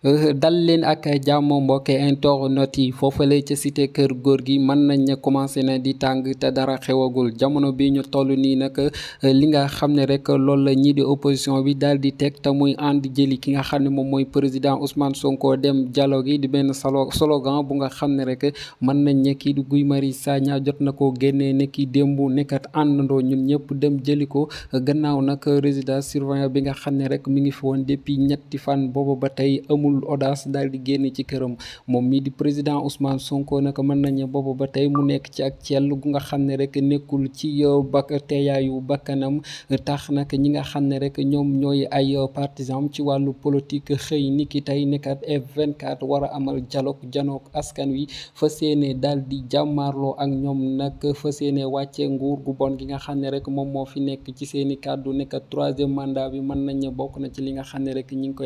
dal leen ak jàmm mbokk internet yi foofa foofale ca cité kër góor gi mën nañ ña commencé na di tàng te dara xewagul jamono bi ñu toll nii nag li nga xam ne rek loolu la ñii di opposition bi daal di teg te muy ànd jëli ki nga xam ne moom mooy président Ousmane Sonko dem jalo gi di benn solo slogan bu nga xam ne rek mën nañ ne kii di Guy Marius jot na ko génnee ne kii démb nekkat àndandoo ñun ñëpp dem jëli ko gannaaw nag résidence surveillant bi nga xam ne rek mu ngi fi woon ñetti fan boobu ba tey amul audace daal di génn ci këram moom mii di président Ousmane Sonko naka mën nañu boobu ba tey mu nekk ci ak cell gu nga xam ne rek nekkul ci euh, bak teeyaayu bakkanam tax nag ñi nga xam ne rek ñoom ñooy ay partisan ci wàllu politique xëy ni tey nekkat F24 war a amal jalook janook askan wi fa séene daal di jàmmaarloo ak ñoom nag fa séene wàcce nguur gu bon gi nga xam ne rek moom moo fi nekk ci seeni kàddu nekkat troisième mandat bi mën nañu bokk na ci li nga xam ne rek ñi ngi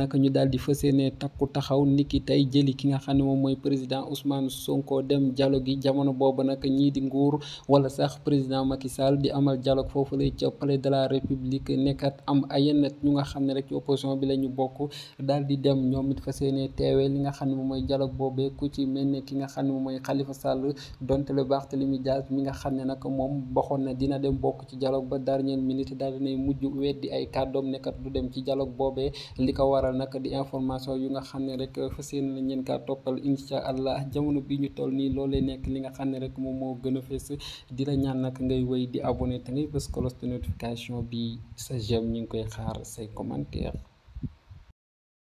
nag ñu daal di fas yéene takku taxaw niki tey jëli ki nga xam ne moom mooy président Ousmane Sonko dem dialogue gi jamono boobu nag ñii di nguur wala sax président Macky Sall di amal dialogue foofu la ca palais de la république nekkat am ay yenn ñu nga xam ne rek ci opposition bi la ñu bokk dal di dem ñoom it fas yéene teewee li nga xam ne moom mooy dialogue boobee ku ci mel ne ki nga xam ne moom mooy xalifa Sall donte le Barthélémy Dias mi nga xam ne nag moom baxoon na dina dem bokk ci dialogue ba dernière minute daal dinay mujj weddi ay kàddoom nekkat du dem ci dialogue boobee li ko waral waral di information yu nga xam ne rek fa yéene nañ leen kaa toppal incha allah jamono bi ñu toll nii loolee nekk li nga xam ne rek moom moo gën a fees di la ñaan nag ngay wéy di abonné te ngay bës cloche de notification bi sa j'aime ñu ngi koy xaar say commentaire